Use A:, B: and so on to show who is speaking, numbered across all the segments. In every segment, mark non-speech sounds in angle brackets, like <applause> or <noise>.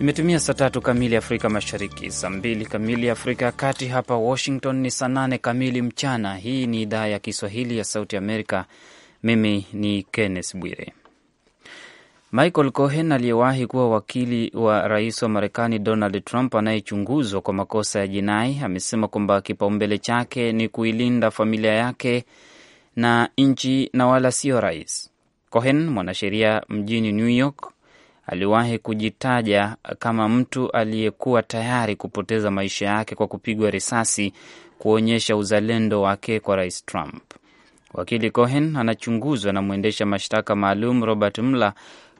A: Imetumia saa tatu kamili Afrika Mashariki, saa mbili kamili Afrika ya Kati. Hapa Washington ni saa nane kamili mchana. Hii ni idhaa ya Kiswahili ya Sauti Amerika. Mimi ni Kenneth Bwire. Michael Cohen aliyewahi kuwa wakili wa rais wa Marekani Donald Trump anayechunguzwa kwa makosa ya jinai amesema kwamba kipaumbele chake ni kuilinda familia yake na nchi na wala sio rais. Cohen, mwanasheria mjini New York, aliwahi kujitaja kama mtu aliyekuwa tayari kupoteza maisha yake kwa kupigwa risasi kuonyesha uzalendo wake kwa Rais Trump. Wakili Cohen anachunguzwa na mwendesha mashtaka maalum Robert Mueller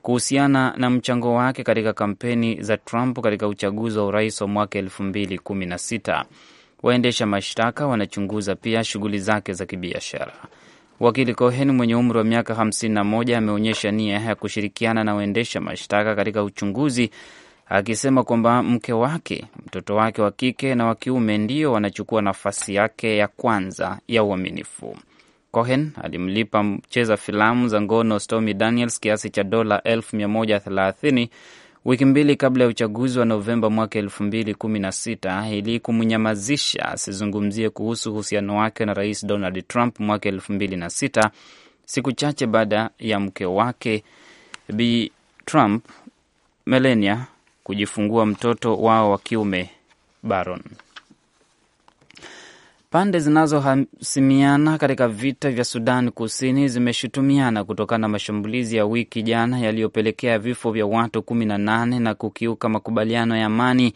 A: kuhusiana na mchango wake katika kampeni za Trump katika uchaguzi wa urais wa mwaka elfu mbili kumi na sita. Waendesha mashtaka wanachunguza pia shughuli zake za kibiashara. Wakili Cohen mwenye umri wa miaka 51 ameonyesha nia ya kushirikiana na waendesha mashtaka katika uchunguzi, akisema kwamba mke wake, mtoto wake wa kike na wa kiume ndio wanachukua nafasi yake ya kwanza ya uaminifu. Cohen alimlipa mcheza filamu za ngono Stormy Daniels kiasi cha dola elfu wiki mbili kabla ya uchaguzi wa Novemba mwaka elfu mbili kumi na sita ili kumnyamazisha asizungumzie kuhusu uhusiano wake na Rais Donald Trump mwaka elfu mbili na sita siku chache baada ya mke wake Bi Trump Melania kujifungua mtoto wao wa kiume Baron. Pande zinazohasimiana katika vita vya Sudan Kusini zimeshutumiana kutokana na mashambulizi ya wiki jana yaliyopelekea vifo vya watu kumi na nane na kukiuka makubaliano ya amani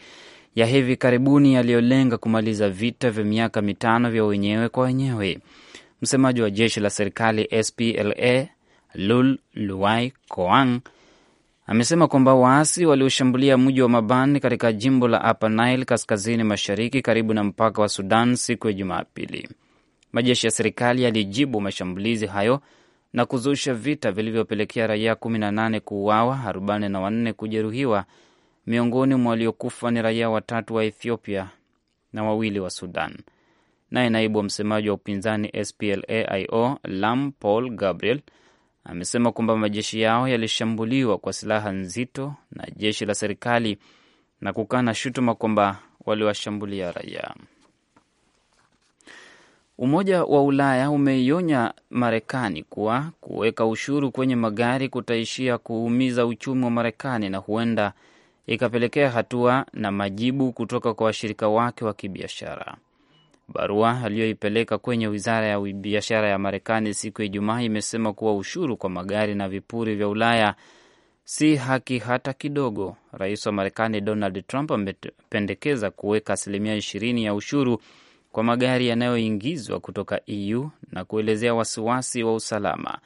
A: ya hivi karibuni yaliyolenga kumaliza vita vya miaka mitano vya wenyewe kwa wenyewe. Msemaji wa jeshi la serikali SPLA Lul Luai Koang amesema kwamba waasi walioshambulia mji wa Mabani katika jimbo la Upper Nile kaskazini mashariki karibu na mpaka wa Sudan siku ya Jumapili. Majeshi ya serikali yalijibu mashambulizi hayo na kuzusha vita vilivyopelekea raia 18 kuuawa, 44 kujeruhiwa. Miongoni mwa waliokufa ni raia watatu wa Ethiopia na wawili wa Sudan. Naye naibu wa msemaji wa upinzani splaio Lam Paul Gabriel amesema kwamba majeshi yao yalishambuliwa kwa silaha nzito na jeshi la serikali na kukana shutuma kwamba waliwashambulia raia. Umoja wa Ulaya umeionya Marekani kuwa kuweka ushuru kwenye magari kutaishia kuumiza uchumi wa Marekani na huenda ikapelekea hatua na majibu kutoka kwa washirika wake wa kibiashara. Barua aliyoipeleka kwenye wizara ya biashara ya Marekani siku ya Ijumaa imesema kuwa ushuru kwa magari na vipuri vya Ulaya si haki hata kidogo. Rais wa Marekani Donald Trump amependekeza kuweka asilimia ishirini ya ushuru kwa magari yanayoingizwa kutoka EU na kuelezea wasiwasi wa usalama.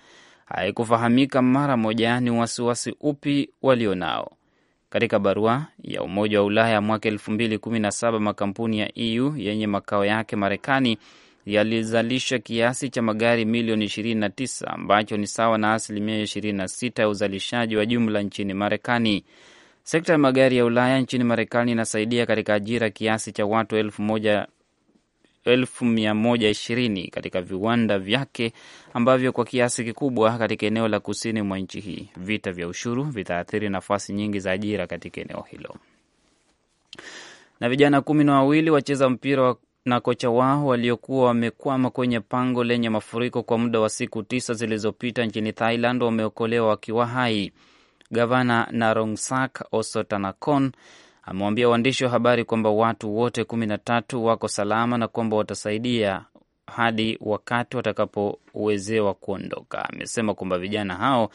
A: Haikufahamika mara moja ni wasiwasi upi walionao. Katika barua ya Umoja wa Ulaya mwaka saba makampuni ya EU yenye makao yake Marekani yalizalisha kiasi cha magari milioni 29 ambacho ni sawa na asilimia 26 ya uzalishaji wa jumla nchini Marekani. Sekta ya magari ya Ulaya nchini Marekani inasaidia katika ajira kiasi cha watu elfu moja elfu mia moja ishirini katika viwanda vyake ambavyo kwa kiasi kikubwa katika eneo la kusini mwa nchi hii. Vita vya ushuru vitaathiri nafasi nyingi za ajira katika eneo hilo. Na vijana kumi na wawili wacheza mpira na kocha wao waliokuwa wamekwama kwenye pango lenye mafuriko kwa muda wa siku tisa zilizopita nchini Thailand wameokolewa wakiwa hai. Gavana Narongsak Osotanakorn amewaambia waandishi wa habari kwamba watu wote kumi na tatu wako salama na kwamba watasaidia hadi wakati watakapowezewa kuondoka. Amesema kwamba vijana hao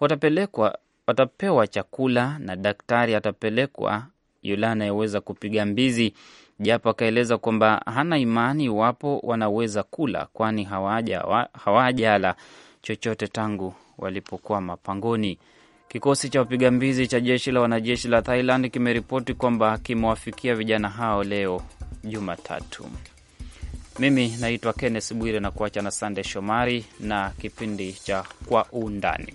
A: watapelekwa, watapewa chakula na daktari atapelekwa yule anayeweza kupiga mbizi, japo akaeleza kwamba hana imani iwapo wanaweza kula, kwani hawajala chochote tangu walipokuwa mapangoni. Kikosi cha wapiga mbizi cha jeshi la wanajeshi la Thailand kimeripoti kwamba kimewafikia vijana hao leo Jumatatu. Mimi naitwa Kenneth Bwire na kuacha na Sande Shomari na kipindi cha Kwa Undani.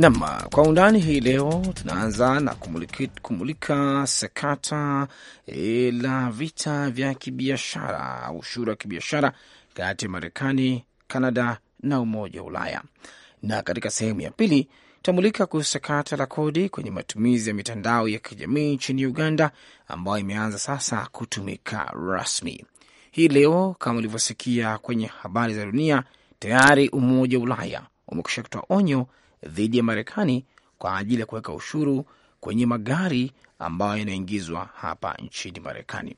B: Nam kwa undani hii leo tunaanza na kumulika, kumulika sakata e, la vita vya kibiashara au ushuru wa kibiashara kati ya Marekani, Kanada na Umoja wa Ulaya, na katika sehemu ya pili tutamulika kuhusu sakata la kodi kwenye matumizi ya mitandao ya kijamii nchini Uganda ambayo imeanza sasa kutumika rasmi. Hii leo kama ulivyosikia kwenye habari za dunia, tayari Umoja wa Ulaya umekusha kutoa onyo dhidi ya Marekani kwa ajili ya kuweka ushuru kwenye magari ambayo yanaingizwa hapa nchini Marekani.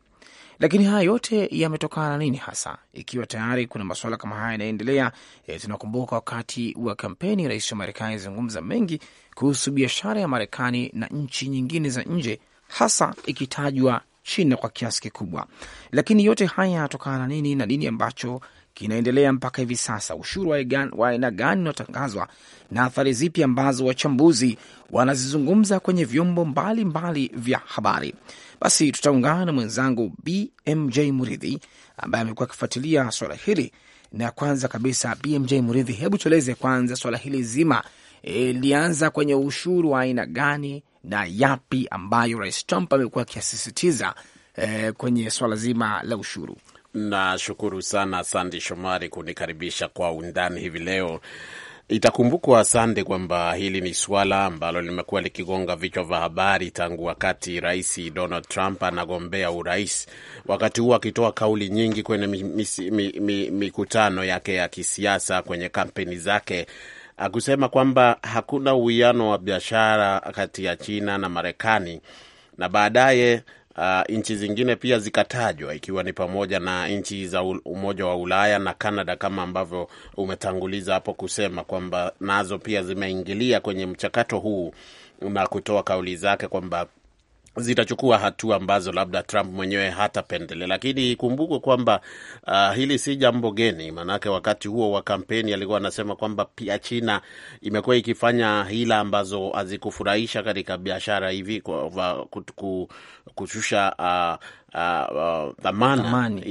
B: Lakini haya yote yametokana na nini hasa, ikiwa tayari kuna masuala kama haya yanaendelea? E, tunakumbuka wakati wa kampeni rais wa Marekani alizungumza mengi kuhusu biashara ya Marekani na nchi nyingine za nje, hasa ikitajwa China kwa kiasi kikubwa. Lakini yote haya yanatokana na nini na nini ambacho kinaendelea mpaka hivi sasa? Ushuru wa aina gani unaotangazwa na athari zipi ambazo wachambuzi wanazizungumza kwenye vyombo mbalimbali mbali vya habari? Basi tutaungana na mwenzangu BMJ Muridhi ambaye amekuwa akifuatilia swala hili. Na kwanza kabisa, BMJ Muridhi, hebu tueleze kwanza swala hili zima e, lianza kwenye ushuru wa aina gani na yapi ambayo Rais Trump amekuwa akisisitiza
C: e, kwenye swala zima la ushuru? Nashukuru sana Sandi Shomari kunikaribisha kwa undani hivi leo. Itakumbukwa Sande kwamba hili ni suala ambalo limekuwa likigonga vichwa vya habari tangu wakati Rais Donald Trump anagombea urais, wakati huo akitoa kauli nyingi kwenye mikutano mi, mi, mi yake ya kisiasa kwenye kampeni zake akusema kwamba hakuna uwiano wa biashara kati ya China na Marekani na baadaye uh, nchi zingine pia zikatajwa ikiwa ni pamoja na nchi za Umoja wa Ulaya na Canada kama ambavyo umetanguliza hapo kusema kwamba nazo pia zimeingilia kwenye mchakato huu na kutoa kauli zake kwamba zitachukua hatua ambazo labda Trump mwenyewe hatapendele, lakini ikumbukwe kwamba uh, hili si jambo geni. Maanake wakati huo wa kampeni alikuwa anasema kwamba pia China imekuwa ikifanya hila ambazo hazikufurahisha katika biashara hivi kwa, ku, kushusha uh, uh, uh,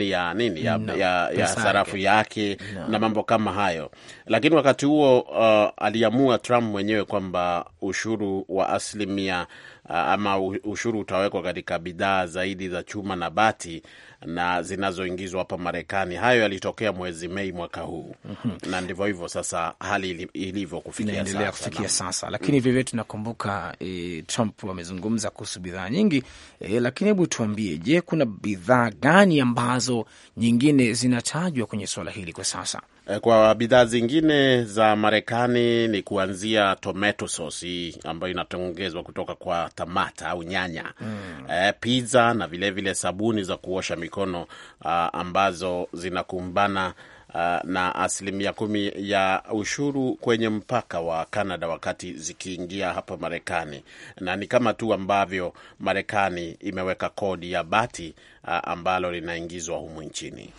C: ya nini ya, no, ya, ya sarafu yake no, na mambo kama hayo. Lakini wakati huo uh, aliamua Trump mwenyewe kwamba ushuru wa asilimia ama ushuru utawekwa katika bidhaa zaidi za chuma na bati na zinazoingizwa hapa Marekani. Hayo yalitokea mwezi Mei mwaka huu mm -hmm. na ndivyo hivyo sasa hali ilivyo kufikia sasa, kufikia sasa. Lakini mm.
B: vivyo tunakumbuka e, Trump amezungumza kuhusu bidhaa nyingi e, lakini hebu tuambie, je, kuna bidhaa gani ambazo nyingine zinatajwa
C: kwenye suala hili kwa sasa? Eh, kwa bidhaa zingine za Marekani ni kuanzia tomato sauce ambayo inatengezwa kutoka kwa tamata au nyanya mm. E, pizza na vilevile vile sabuni za kuosha mikono a, ah, ambazo zinakumbana ah, na asilimia kumi ya ushuru kwenye mpaka wa Canada wakati zikiingia hapa Marekani, na ni kama tu ambavyo Marekani imeweka kodi ya bati ambalo linaingizwa humu nchini.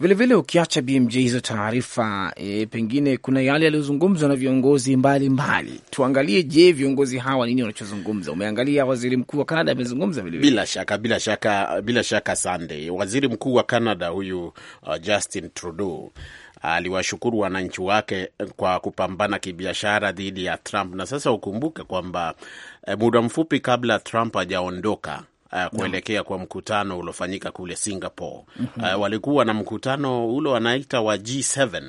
B: Vilevile ukiacha BMJ hizo taarifa e, pengine kuna yale yaliyozungumzwa na viongozi mbalimbali
C: mbali. Tuangalie je, viongozi hawa nini wanachozungumza? Umeangalia waziri mkuu wa Kanada amezungumza vilevile. Bila shaka, bila shaka, bila shaka Sunday, waziri mkuu wa Kanada huyu uh, Justin Trudeau aliwashukuru wananchi wake kwa kupambana kibiashara dhidi ya Trump, na sasa ukumbuke kwamba eh, muda mfupi kabla Trump hajaondoka uh, kuelekea kwa mkutano uliofanyika kule Singapore. mm -hmm. Uh, walikuwa na mkutano ule wanaita wa G7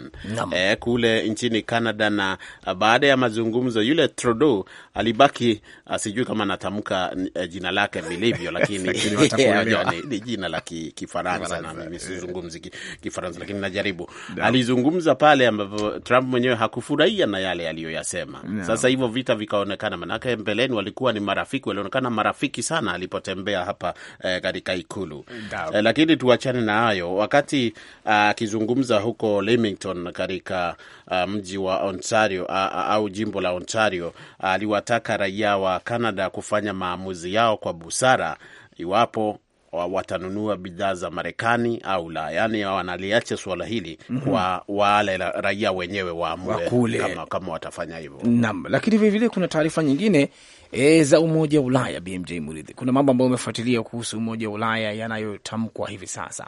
C: uh, eh, kule nchini Canada, na uh, baada ya mazungumzo yule Trudeau alibaki uh, sijui kama anatamka uh, jina lake vilivyo, lakini <laughs> <laughs> yaani, ni jina la Kifaransa na mimi sizungumzi Kifaransa, lakini najaribu. Alizungumza pale ambapo Trump mwenyewe hakufurahia na yale aliyoyasema. Sasa hivyo vita vikaonekana, manake mbeleni walikuwa ni marafiki, walionekana marafiki sana alipotembea kutembea hapa eh, katika ikulu eh, lakini tuachane na hayo. Wakati ah, akizungumza ah, huko Leamington katika ah, mji wa Ontario ah, ah, au jimbo la Ontario aliwataka ah, raia wa Canada kufanya maamuzi yao kwa busara iwapo watanunua bidhaa za Marekani au la. Yani wanaliacha suala hili mm -hmm. kwa wale raia wenyewe waamue kama, kama watafanya hivyo
B: nam. Lakini vilevile kuna taarifa nyingine e, za umoja wa Ulaya. BMJ Muridhi, kuna mambo ambayo umefuatilia kuhusu umoja wa Ulaya yanayotamkwa hivi sasa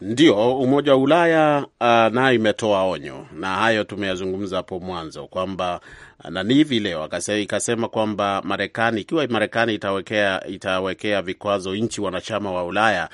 C: ndio, Umoja wa Ulaya uh, nayo imetoa onyo, na hayo tumeyazungumza hapo mwanzo kwamba na ni hivi leo ikasema kwamba Marekani, ikiwa Marekani itawekea, itawekea vikwazo nchi wanachama wa Ulaya,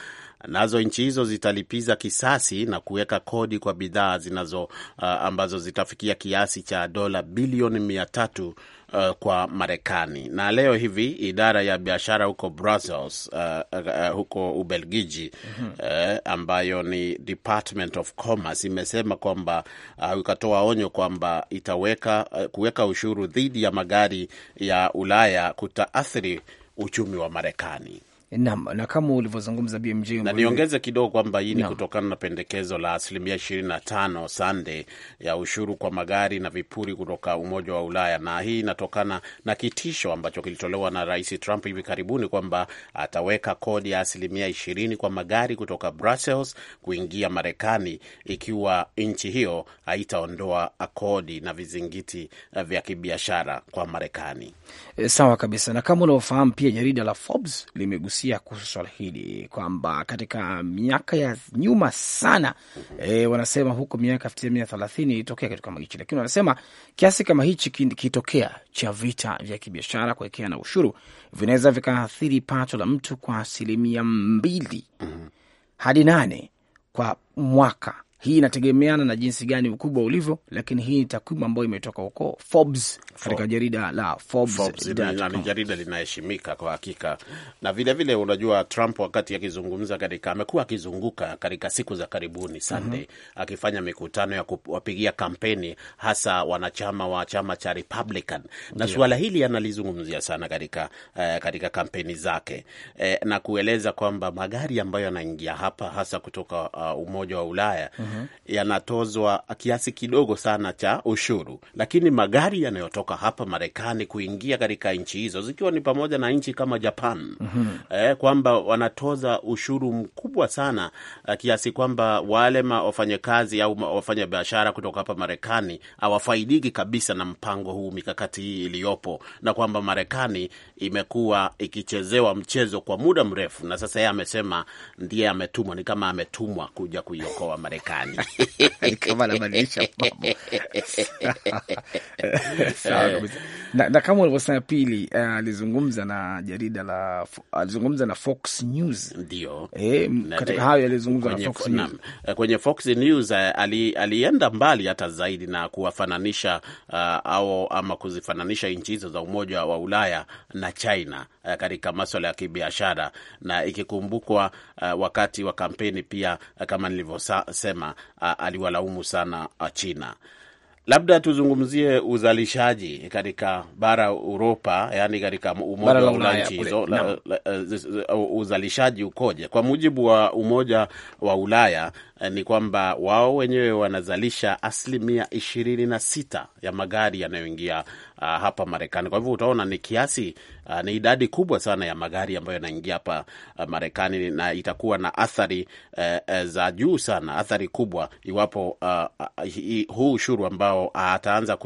C: nazo nchi hizo zitalipiza kisasi na kuweka kodi kwa bidhaa zinazo uh, ambazo zitafikia kiasi cha dola bilioni mia tatu uh, kwa Marekani. Na leo hivi idara ya biashara huko Brussels, uh, uh, uh huko Ubelgiji mm -hmm. uh, ambayo ni Department of Commerce imesema kwamba uh, ikatoa onyo kwamba itaweka uh, kuweka ushuru dhidi ya magari ya Ulaya kutaathiri uchumi wa Marekani. Naam,
B: na kama ulivyozungumza BMJ, na niongeze
C: kidogo kwamba hii ni kutokana na pendekezo la asilimia ishirini na tano sande ya ushuru kwa magari na vipuri kutoka Umoja wa Ulaya, na hii inatokana na kitisho ambacho kilitolewa na Rais Trump hivi karibuni kwamba ataweka kodi ya asilimia ishirini kwa magari kutoka Brussels kuingia Marekani ikiwa nchi hiyo haitaondoa kodi na vizingiti vya kibiashara kwa Marekani.
B: E, sawa kabisa, na kama unavyofahamu pia jarida la Forbes limegusia umegusia kuhusu swala hili kwamba katika miaka ya nyuma sana e, wanasema huko miaka elfu tisa mia thelathini ilitokea kitu kama hichi, lakini wanasema kiasi kama hichi kitokea cha vita vya kibiashara kuelekea na ushuru vinaweza vikaathiri pato la mtu kwa asilimia mbili mhm. hadi nane kwa mwaka hii inategemeana na jinsi gani ukubwa ulivyo, lakini hii ni takwimu ambayo imetoka huko Forbes, katika
C: jarida la Forbes. Forbes ni jarida linaheshimika kwa hakika. Na vilevile vile, unajua Trump wakati akizungumza katika, amekuwa akizunguka katika siku za karibuni Sunday, mm -hmm. akifanya mikutano ya kuwapigia kampeni hasa wanachama wa chama cha Republican na yeah. suala hili analizungumzia sana katika, eh, katika kampeni zake eh, na kueleza kwamba magari ambayo yanaingia hapa hasa kutoka uh, Umoja wa Ulaya mm -hmm. Uh-huh. yanatozwa kiasi kidogo sana cha ushuru, lakini magari yanayotoka hapa Marekani kuingia katika nchi hizo zikiwa ni pamoja na nchi kama Japan mm -hmm. eh, kwamba wanatoza ushuru mkubwa sana eh, kiasi kwamba wale wafanyakazi au wafanya biashara kutoka hapa Marekani hawafaidiki kabisa na mpango huu, mikakati hii iliyopo, na kwamba Marekani imekuwa ikichezewa mchezo kwa muda mrefu, na sasa yeye amesema ndiye ametumwa, ni kama ametumwa kuja kuiokoa Marekani fulani <laughs> kama anabadilisha <laughs> eh.
B: na, na kama ulivyosema pili eh, alizungumza uh, na jarida la alizungumza na Fox News ndio eh, katika hayo alizungumza na Fox News
C: eh, kwenye Fox News ali, alienda mbali hata zaidi na kuwafananisha uh, au ama kuzifananisha nchi hizo za Umoja wa Ulaya na China Eh, katika maswala ya kibiashara, na ikikumbukwa eh, wakati wa kampeni pia eh, kama nilivyosema aliwalaumu sana China. Labda tuzungumzie uzalishaji katika bara Uropa, yani katika Umoja wa Ulaya nchi hizo uzalishaji ukoje? Kwa mujibu wa Umoja wa Ulaya ni kwamba wao wenyewe wanazalisha asilimia ishirini na sita ya magari yanayoingia uh, hapa Marekani. Kwa hivyo utaona ni kiasi uh, ni idadi kubwa sana ya magari ambayo yanaingia hapa uh, Marekani, na itakuwa na athari uh, uh za juu sana, athari kubwa iwapo uh, uh, huu ushuru ambao uh, ataanza uh,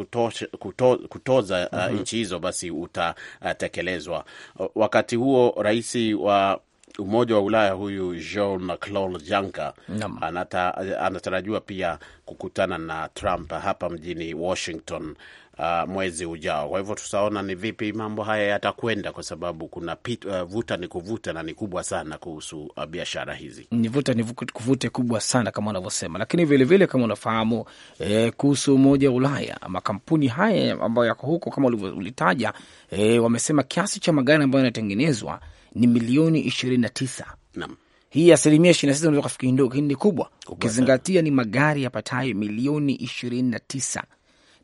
C: kuto, kutoza uh, mm -hmm. nchi hizo basi utatekelezwa. Uh, wakati huo rais wa Umoja wa Ulaya huyu Jean Claude Juncker anata, anatarajiwa pia kukutana na Trump hapa mjini Washington uh, mwezi ujao. Kwa hivyo tutaona ni vipi mambo haya yatakwenda, kwa sababu kuna pit, uh, vuta ni kuvuta na ni kubwa sana kuhusu uh, biashara hizi,
B: ni vuta ni kuvute kubwa sana kama unavyosema. Lakini vilevile vile kama unafahamu eh, kuhusu umoja wa Ulaya, makampuni haya ambayo yako huko kama ulitaja eh, wamesema kiasi cha magari ambayo yanatengenezwa ni milioni ishirini na tisa. Naam. Hii asilimia ishirini na sita unaweza kufikiri ndogo, lakini ni kubwa ukizingatia ni magari yapatayo milioni ishirini na tisa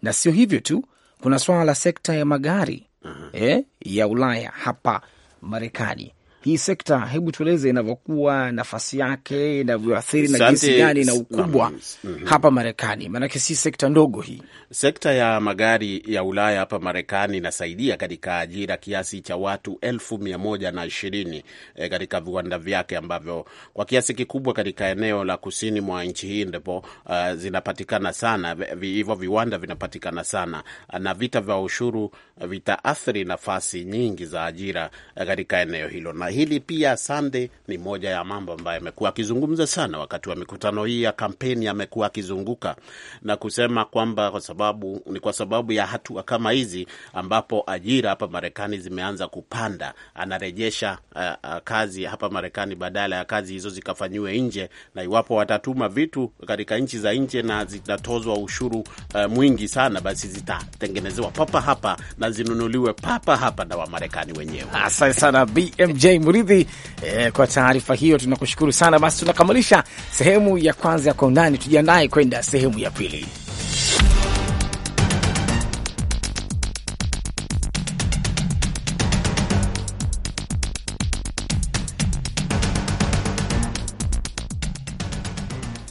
B: na sio hivyo tu, kuna swala la sekta ya magari eh, ya Ulaya hapa Marekani hii sekta, hebu tueleze inavyokuwa, nafasi yake inavyoathiri na jinsi gani na ukubwa mm -hmm. hapa Marekani, maanake si sekta ndogo hii.
C: Sekta ya magari ya Ulaya hapa Marekani inasaidia katika ajira kiasi cha watu elfu mia moja na ishirini e, katika viwanda vyake ambavyo kwa kiasi kikubwa katika eneo la kusini mwa nchi hii ndipo uh, zinapatikana sana hivyo vi, viwanda vinapatikana sana, na vita vya ushuru e, vitaathiri nafasi nyingi za ajira e, katika eneo hilo na hili pia sande, ni moja ya mambo ambayo amekuwa akizungumza sana wakati wa mikutano hii ya kampeni. Amekuwa akizunguka na kusema kwamba kwa sababu ni kwa sababu ya hatua kama hizi ambapo ajira hapa Marekani zimeanza kupanda, anarejesha uh, uh, kazi hapa Marekani badala ya kazi hizo zikafanyiwe nje, na iwapo watatuma vitu katika nchi za nje na zitatozwa ushuru uh, mwingi sana, basi zitatengenezewa papa hapa na zinunuliwe papa hapa na Wamarekani wenyewe. Asante sana
B: BMJ Muridhi eh, kwa taarifa hiyo tunakushukuru sana. Basi tunakamilisha sehemu ya kwanza ya kwa undani, tujiandae kwenda sehemu ya pili.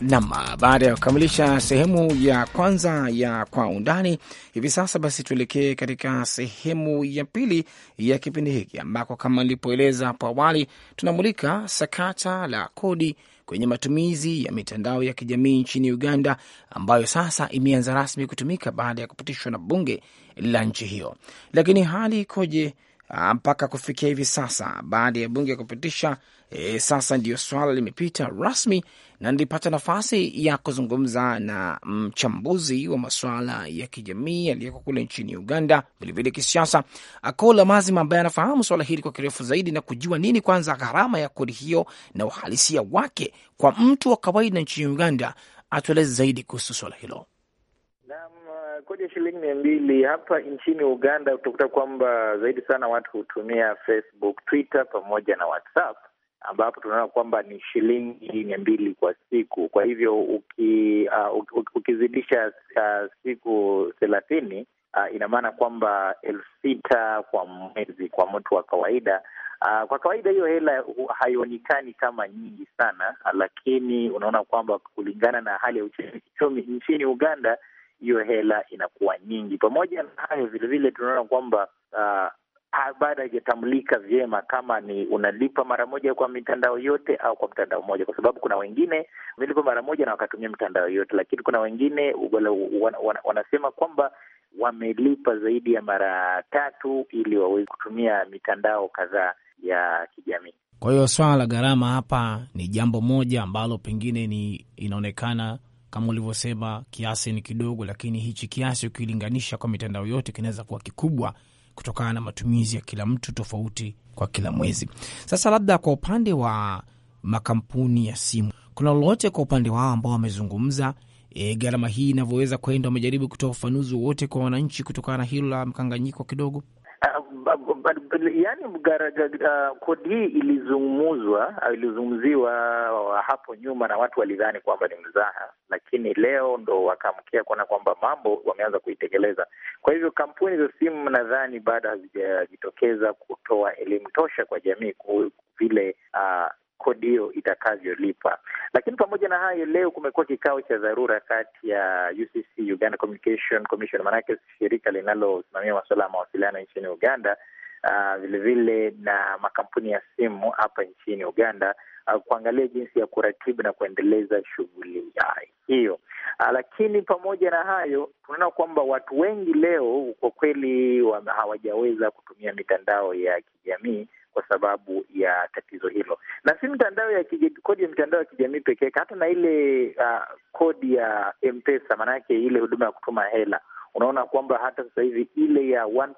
B: Nam, baada ya kukamilisha sehemu ya kwanza ya kwa undani hivi sasa, basi tuelekee katika sehemu ya pili ya kipindi hiki ambako kama nilipoeleza hapo awali, tunamulika sakata la kodi kwenye matumizi ya mitandao ya kijamii nchini Uganda, ambayo sasa imeanza rasmi kutumika baada ya kupitishwa na bunge la nchi hiyo. Lakini hali ikoje Ah, mpaka kufikia hivi sasa baada ya bunge ya kupitisha e, sasa ndiyo swala limepita rasmi, na nilipata nafasi ya kuzungumza na mchambuzi wa masuala ya kijamii aliyeko kule nchini Uganda, vilevile kisiasa, Akola Mazima, ambaye anafahamu swala hili kwa kirefu zaidi na kujua nini kwanza gharama ya kodi hiyo na uhalisia wake kwa mtu wa kawaida nchini Uganda. Atueleze zaidi
D: kuhusu swala hilo
E: kodi shilingi mia mbili hapa nchini Uganda, utakuta kwamba zaidi sana watu hutumia Facebook, Twitter pamoja na WhatsApp, ambapo tunaona kwamba ni shilingi mia mbili kwa siku. Kwa hivyo uki, uh, ukizidisha uh, siku thelathini uh, ina maana kwamba elfu sita kwa mwezi kwa mtu wa kawaida. Uh, kwa kawaida hiyo hela haionekani kama nyingi sana, lakini unaona kwamba kulingana na hali ya uchumi nchini Uganda hiyo hela inakuwa nyingi. Pamoja na hayo, vilevile tunaona kwamba uh, bado haijatambulika vyema kama ni unalipa mara moja kwa mitandao yote au kwa mtandao mmoja, kwa sababu kuna wengine wamelipa mara moja na wakatumia mitandao yote, lakini kuna wengine wanasema kwamba wamelipa zaidi ya mara tatu ili waweze kutumia mitandao kadhaa ya kijamii.
B: Kwa hiyo swala la gharama hapa ni jambo moja ambalo pengine ni inaonekana kama ulivyosema, kiasi ni kidogo, lakini hichi kiasi ukilinganisha kwa mitandao yote kinaweza kuwa kikubwa kutokana na matumizi ya kila mtu tofauti kwa kila mwezi. Sasa labda kwa upande wa makampuni ya simu, kuna lolote kwa upande wao ambao wamezungumza e, gharama hii inavyoweza kwenda? Wamejaribu kutoa ufafanuzi wowote kwa wananchi kutokana na hilo la mkanganyiko kidogo?
E: yaani kodi uh, hii ilizungumzwa uh, ilizungumziwa uh, hapo nyuma na watu walidhani kwamba ni mzaha, lakini leo ndo wakaamkia kuona kwamba mambo wameanza kuitekeleza. Kwa hivyo kampuni za simu nadhani bado hazijajitokeza kutoa elimu tosha kwa jamii vile uh, kodi hiyo itakavyolipa. Lakini pamoja na hayo, leo kumekuwa kikao cha dharura kati ya UCC, Uganda Communication Commission, maanake shirika linalosimamia masuala ya mawasiliano nchini Uganda vilevile ah, uh, na makampuni ya simu hapa nchini Uganda uh, kuangalia jinsi ya kuratibu na kuendeleza shughuli hiyo. Uh, lakini pamoja na hayo, tunaona kwamba watu wengi leo kwa kweli hawajaweza kutumia mitandao ya kijamii kwa sababu ya tatizo hilo, na si mitandao ya kodi ya mitandao ya kijamii pekee, hata na ile uh, kodi ya M-Pesa, maanake ile huduma ya kutuma hela unaona kwamba hata sasa hivi ile ya 1%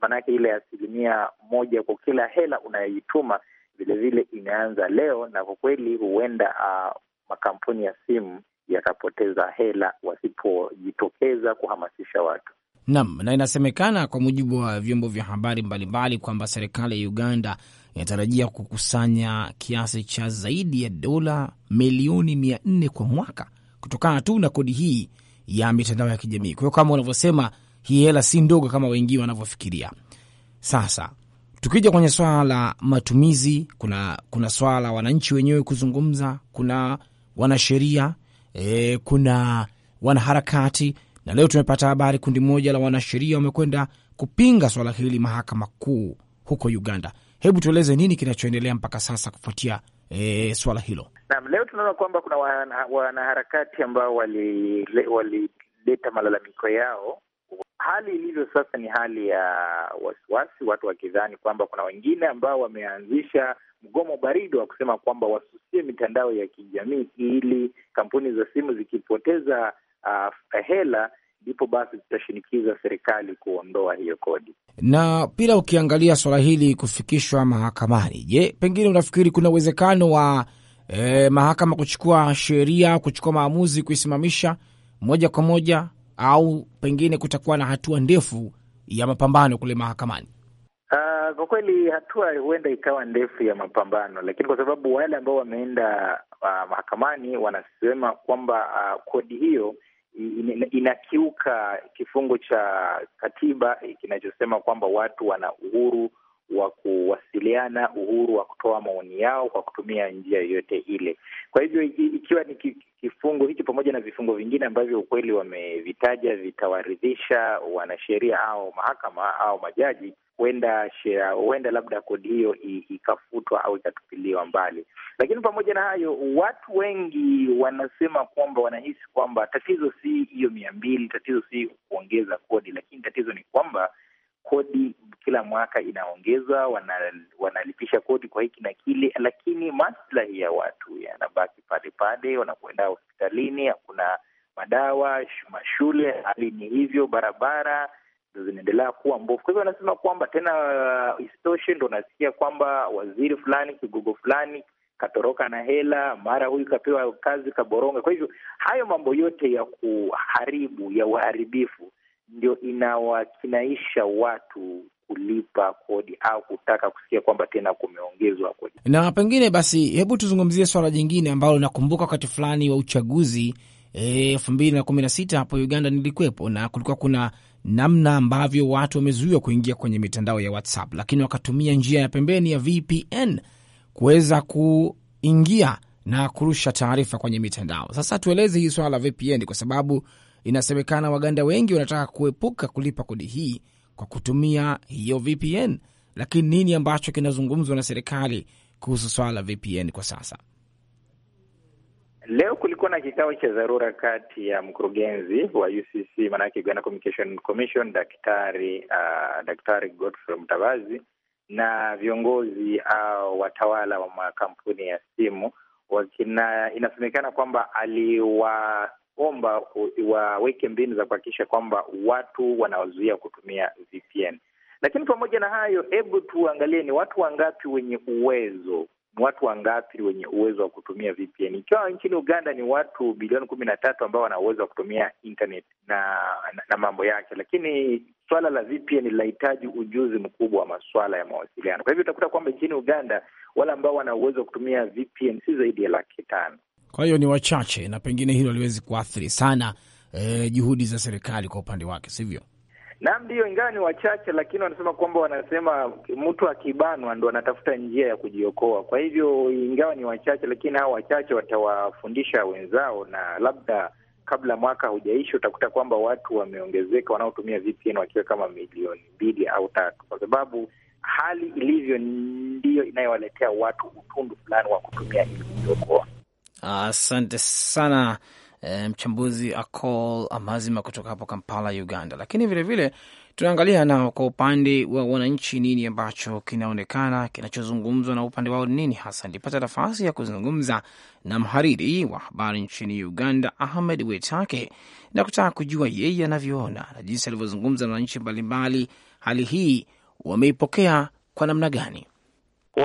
E: maanake ile ya asilimia moja kwa kila hela unayoituma vilevile inaanza leo, na kwa kweli huenda uh, makampuni ya simu yakapoteza hela wasipojitokeza kuhamasisha watu.
B: Naam, na inasemekana kwa mujibu wa vyombo vya habari mbalimbali kwamba serikali ya Uganda inatarajia kukusanya kiasi cha zaidi ya dola milioni mia nne kwa mwaka kutokana tu na kodi hii ya mitandao ya kijamii. Kwa hiyo kama unavyosema, hii hela si ndogo kama wengi wanavyofikiria. Sasa tukija kwenye swala la matumizi, kuna, kuna swala la wananchi wenyewe kuzungumza, kuna wanasheria e, kuna wanaharakati, na leo tumepata habari kundi moja la wanasheria wamekwenda kupinga swala hili mahakama kuu huko Uganda. Hebu tueleze nini kinachoendelea mpaka sasa kufuatia
D: e, swala hilo?
E: Naam, leo tunaona kwamba kuna wanaharakati ambao walileta wali malalamiko yao. Hali ilivyo sasa ni hali ya wasiwasi, watu wakidhani kwamba kuna wengine ambao wameanzisha mgomo baridi wa kusema kwamba wasusie mitandao ya kijamii ili kampuni za simu zikipoteza uh, hela zipo, basi zitashinikiza serikali kuondoa hiyo kodi.
B: Na pia ukiangalia swala hili kufikishwa mahakamani, je, pengine unafikiri kuna uwezekano wa eh, mahakama kuchukua sheria, kuchukua maamuzi, kuisimamisha moja kwa moja, au pengine kutakuwa na hatua ndefu ya mapambano kule mahakamani?
E: Uh, kwa kweli hatua huenda ikawa ndefu ya mapambano, lakini kwa sababu wale ambao wameenda uh, mahakamani wanasema kwamba uh, kodi hiyo inakiuka kifungu cha katiba kinachosema kwamba watu wana uhuru wa kuwasiliana, uhuru wa kutoa maoni yao kwa kutumia njia yoyote ile. Kwa hivyo ikiwa ni kifungo hiki pamoja na vifungo vingine ambavyo ukweli wamevitaja vitawaridhisha wanasheria au mahakama au majaji, huenda huenda labda kodi hiyo ikafutwa au ikatupiliwa mbali. Lakini pamoja na hayo, watu wengi wanasema kwamba wanahisi kwamba tatizo si hiyo mia mbili, tatizo si kuongeza kodi, lakini tatizo ni kwamba kodi kila mwaka inaongezwa, wanalipisha kodi kwa hiki na kile, lakini maslahi ya watu yanabaki pale pale. Wanapoenda hospitalini hakuna madawa, mashule hali ni hivyo, barabara ndo zinaendelea kuwa mbovu. Kwa hivyo wanasema kwamba tena, uh, isitoshe ndo unasikia kwamba waziri fulani kigogo fulani katoroka na hela, mara huyu kapewa kazi kaboronga. Kwa hivyo hayo mambo yote ya kuharibu ya uharibifu ndio inawakinaisha watu kulipa kodi au kutaka kusikia kwamba tena kumeongezwa kodi.
B: Na pengine basi, hebu tuzungumzie swala jingine ambalo nakumbuka wakati fulani wa uchaguzi e, elfu mbili na kumi na sita hapo Uganda nilikwepo, na kulikuwa kuna namna ambavyo watu wamezuiwa kuingia kwenye mitandao ya WhatsApp, lakini wakatumia njia ya pembeni ya VPN kuweza kuingia na kurusha taarifa kwenye mitandao. Sasa tueleze hii swala la VPN kwa sababu Inasemekana Waganda wengi wanataka kuepuka kulipa kodi hii kwa kutumia hiyo VPN. Lakini nini ambacho kinazungumzwa na serikali kuhusu swala la VPN kwa sasa?
E: Leo kulikuwa na kikao cha dharura kati ya mkurugenzi wa UCC maanake Uganda Communication Commission, daktari uh, daktari Godfrey Mtavazi na viongozi au uh, watawala wa makampuni ya simu wakina. Inasemekana kwamba aliwa kuomba waweke mbinu za kuhakikisha kwamba watu wanawazuia kutumia VPN. Lakini pamoja na hayo, hebu tuangalie ni watu wangapi wenye uwezo ni watu wangapi wenye uwezo wa kutumia VPN? Ikiwa nchini Uganda ni watu bilioni kumi na tatu ambao wana uwezo wa kutumia internet na, na, na mambo yake, lakini swala la VPN linahitaji ujuzi mkubwa wa maswala ya mawasiliano. Kwa hivyo utakuta kwamba nchini Uganda wale ambao wana uwezo wa kutumia VPN si zaidi ya laki tano.
B: Kwa hiyo ni wachache, na pengine hilo haliwezi kuathiri sana eh, juhudi za serikali kwa upande wake, sivyo?
E: Naam, ndio ingawa ni wachache, lakini wanasema kwamba wanasema mtu akibanwa ndo anatafuta njia ya kujiokoa. Kwa hivyo, ingawa ni wachache, lakini hao wachache watawafundisha wenzao, na labda kabla mwaka haujaisha utakuta kwamba watu wameongezeka wanaotumia VPN wakiwa kama milioni mbili au tatu, kwa sababu hali ilivyo ndiyo inayowaletea watu utundu fulani wa kutumia ili kujiokoa.
B: Asante uh, sana eh, mchambuzi um, Acol Amazima kutoka hapo Kampala, Uganda. Lakini vilevile tunaangalia nao kwa upande wa wananchi, nini ambacho kinaonekana kinachozungumzwa na upande wao nini hasa. Nilipata nafasi ya kuzungumza na mhariri wa habari nchini Uganda, Ahmed Wetake, na kutaka kujua yeye anavyoona na jinsi alivyozungumza na wananchi mbalimbali, hali hii wameipokea kwa namna gani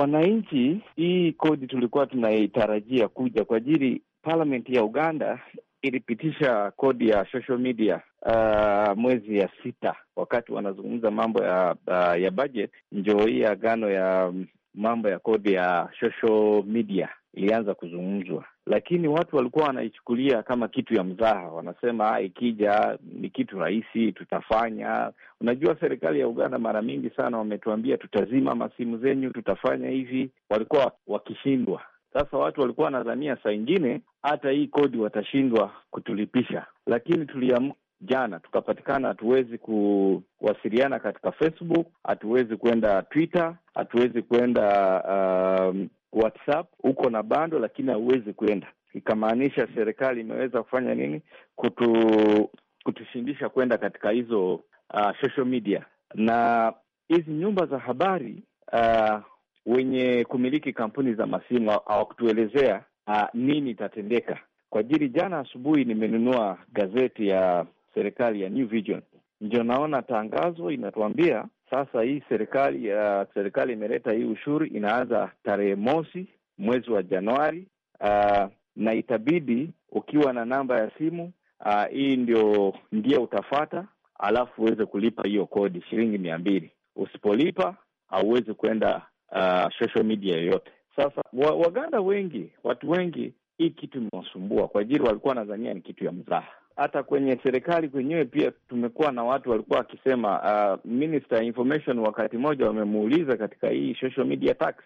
D: wananchi, hii kodi tulikuwa tunaitarajia kuja kwa ajili parliament ya Uganda ilipitisha kodi ya social media uh, mwezi ya sita, wakati wanazungumza mambo ya uh, ya budget, njo hii agano ya um, mambo ya kodi ya social media ilianza kuzungumzwa, lakini watu walikuwa wanaichukulia kama kitu ya mzaha. Wanasema ah, ikija ni kitu rahisi, tutafanya. Unajua, serikali ya Uganda mara mingi sana wametuambia tutazima masimu zenyu, tutafanya hivi, walikuwa wakishindwa. Sasa watu walikuwa wanadhania saa ingine hata hii kodi watashindwa kutulipisha, lakini tuliam, jana tukapatikana hatuwezi kuwasiliana katika Facebook, hatuwezi kwenda Twitter, hatuwezi kwenda um, WhatsApp. Uko na bando lakini hauwezi kwenda, ikamaanisha serikali imeweza kufanya nini? Kutu, kutushindisha kwenda katika hizo uh, social media na hizi nyumba za habari uh, wenye kumiliki kampuni za masimu hawakutuelezea uh, nini itatendeka kwa ajili. Jana asubuhi nimenunua gazeti ya serikali ya New Vision. Ndio naona tangazo inatuambia sasa hii serikali ya uh, serikali imeleta hii ushuru inaanza tarehe mosi mwezi wa Januari uh, na itabidi ukiwa na namba ya simu uh, hii ndio ndia utafata, alafu uweze kulipa hiyo kodi shilingi mia mbili. Usipolipa hauwezi kwenda uh, social media yoyote. Sasa wa, Waganda wengi watu wengi hii kitu imewasumbua kwa ajili walikuwa nadhania ni kitu ya mzaha hata kwenye serikali kwenyewe pia tumekuwa na watu walikuwa wakisema, uh, Minister Information wakati mmoja wamemuuliza katika hii social media tax,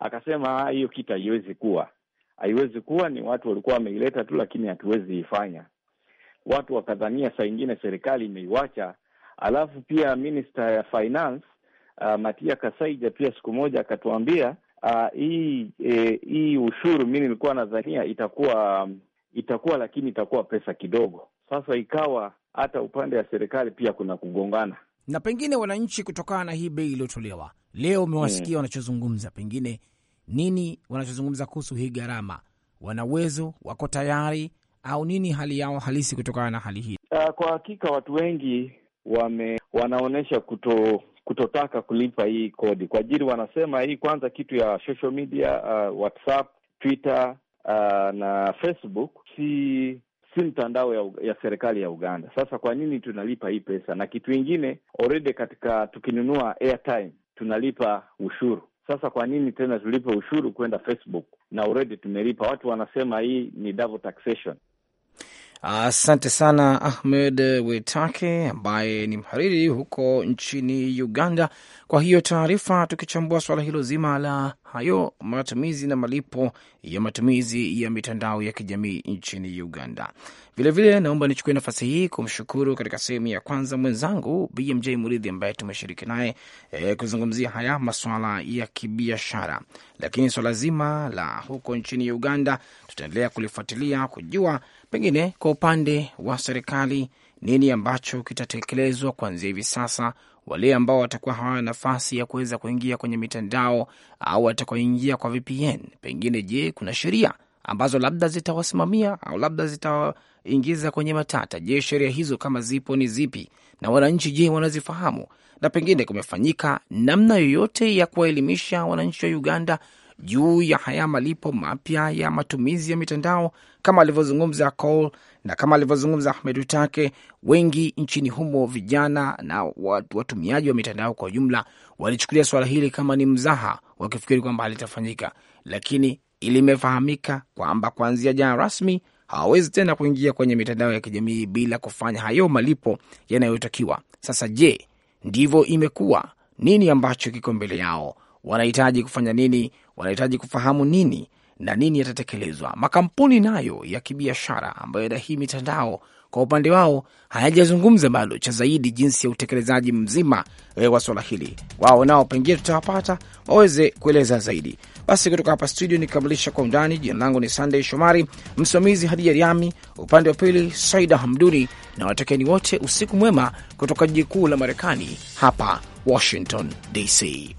D: akasema ah, hiyo kitu haiwezi kuwa, haiwezi kuwa, ni watu walikuwa wameileta tu, lakini hatuwezi ifanya. Watu wakadhania saa ingine serikali imeiwacha. Alafu pia Minister ya Finance uh, Matia Kasaija pia siku moja akatuambia uh, hii uh, e, ushuru mi nilikuwa nadhania itakuwa um, itakuwa lakini itakuwa pesa kidogo. Sasa ikawa hata upande wa serikali pia kuna kugongana na pengine wananchi,
B: kutokana na hii bei iliyotolewa leo. Umewasikia hmm, wanachozungumza pengine nini, wanachozungumza kuhusu hii gharama, wana uwezo, wako tayari au nini hali yao halisi kutokana na hali hii?
D: Uh, kwa hakika watu wengi wame- wanaonyesha kuto kutotaka kulipa hii kodi kwa ajili, wanasema hii kwanza kitu ya social media, uh, WhatsApp, Twitter, uh, na Facebook si si mtandao ya, ya serikali ya Uganda. Sasa kwa nini tunalipa hii pesa? Na kitu ingine already, katika tukinunua airtime tunalipa ushuru. Sasa kwa nini tena tulipe ushuru kwenda Facebook na already tumelipa? Watu wanasema hii ni double taxation.
B: Asante sana Ahmed Wetake ambaye ni mhariri huko nchini Uganda kwa hiyo taarifa, tukichambua suala hilo zima la hayo matumizi na malipo ya matumizi ya mitandao ya kijamii nchini Uganda. Vilevile vile, naomba nichukue nafasi hii kumshukuru katika sehemu ya kwanza mwenzangu BMJ Muridhi ambaye tumeshiriki naye e, kuzungumzia haya maswala ya kibiashara, lakini swala zima la huko nchini Uganda tutaendelea kulifuatilia kujua pengine kwa upande wa serikali nini ambacho kitatekelezwa kuanzia hivi sasa wale ambao watakuwa hawana nafasi ya kuweza kuingia kwenye mitandao au watakaoingia kwa VPN pengine, je, kuna sheria ambazo labda zitawasimamia au labda zitawaingiza kwenye matata? Je, sheria hizo kama zipo ni zipi, na wananchi je wanazifahamu? Na pengine kumefanyika namna yoyote ya kuwaelimisha wananchi wa Uganda juu ya haya malipo mapya ya matumizi ya mitandao kama alivyozungumza Cole na kama alivyozungumza Ahmed Utake, wengi nchini humo, vijana na watumiaji wa mitandao kwa ujumla, walichukulia suala hili kama ni mzaha, wakifikiri kwamba halitafanyika, lakini limefahamika kwamba kuanzia jana rasmi hawawezi tena kuingia kwenye mitandao ya kijamii bila kufanya hayo malipo yanayotakiwa. Sasa je, ndivyo imekuwa? Nini ambacho kiko mbele yao? Wanahitaji kufanya nini wanahitaji kufahamu nini na nini yatatekelezwa. Makampuni nayo ya kibiashara ambayo yana hii mitandao kwa upande wao hayajazungumza bado cha zaidi jinsi ya utekelezaji mzima e, wa swala hili. Wao nao pengine tutawapata waweze kueleza zaidi. Basi kutoka hapa studio nikikamilisha kwa undani. Jina langu ni sandey Shomari, msimamizi Hadija Riami, upande wa pili Saida Hamduni na watekeni wote usiku mwema kutoka jiji kuu la Marekani hapa Washington DC.